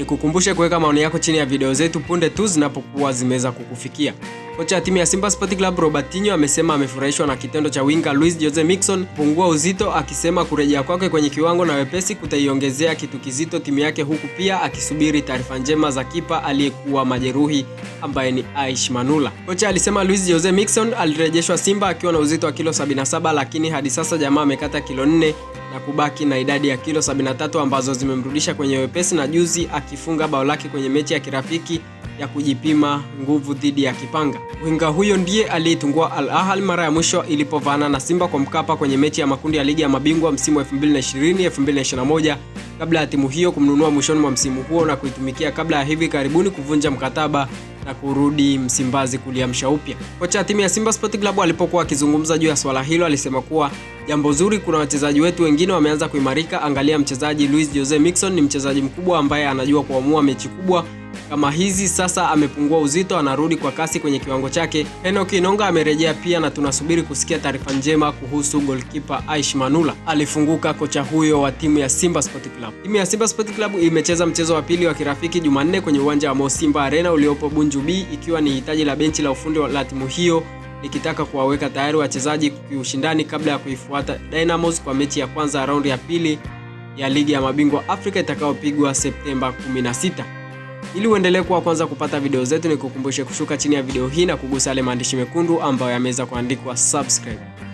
Nikukumbushe kuweka maoni yako chini ya video zetu punde tu zinapokuwa zimeweza kukufikia. Kocha ya timu ya Simba Sport Club Robertinho amesema amefurahishwa na kitendo cha winga Luis Jose Mixon kupungua uzito, akisema kurejea kwake kwenye kiwango na wepesi kutaiongezea kitu kizito timu yake, huku pia akisubiri taarifa njema za kipa aliyekuwa majeruhi ambaye ni Aish Manula. Kocha alisema Luis Jose Mixon alirejeshwa Simba akiwa na uzito wa kilo 77, lakini hadi sasa jamaa amekata kilo 4 na kubaki na idadi ya kilo 73 ambazo zimemrudisha kwenye wepesi na juzi akifunga bao lake kwenye mechi ya kirafiki ya kujipima nguvu dhidi ya Kipanga. Winga huyo ndiye aliyetungua Al Ahly mara ya mwisho ilipovaana na Simba kwa Mkapa kwenye mechi ya makundi ya ligi ya mabingwa msimu wa 2020-2021 kabla ya timu hiyo kumnunua mwishoni mwa msimu huo na kuitumikia kabla ya hivi karibuni kuvunja mkataba na kurudi Msimbazi kuliamsha upya. Kocha wa timu ya Simba Sport Club alipokuwa akizungumza juu ya swala hilo alisema kuwa jambo zuri, kuna wachezaji wetu wengine wameanza kuimarika. Angalia mchezaji Luis Jose Mixon, ni mchezaji mkubwa ambaye anajua kuamua mechi kubwa kama hizi sasa amepungua uzito, anarudi kwa kasi kwenye kiwango chake. Enock Inonga amerejea pia na tunasubiri kusikia taarifa njema kuhusu golkipa Aish Manula alifunguka, kocha huyo wa timu ya Simba Sport Club. Timu ya Simba Sport Club imecheza mchezo wa pili wa kirafiki Jumanne kwenye uwanja wa Mo Simba Arena uliopo Bunju B, ikiwa ni hitaji la benchi la ufundi la timu hiyo likitaka kuwaweka tayari wachezaji kiushindani kabla ya kuifuata Dynamos kwa mechi ya kwanza ya raundi ya pili ya ligi ya mabingwa Afrika itakayopigwa Septemba 16. Ili uendelee kuwa kwanza kupata video zetu, ni kukumbushe kushuka chini ya video hii na kugusa yale maandishi mekundu ambayo yameweza kuandikwa subscribe.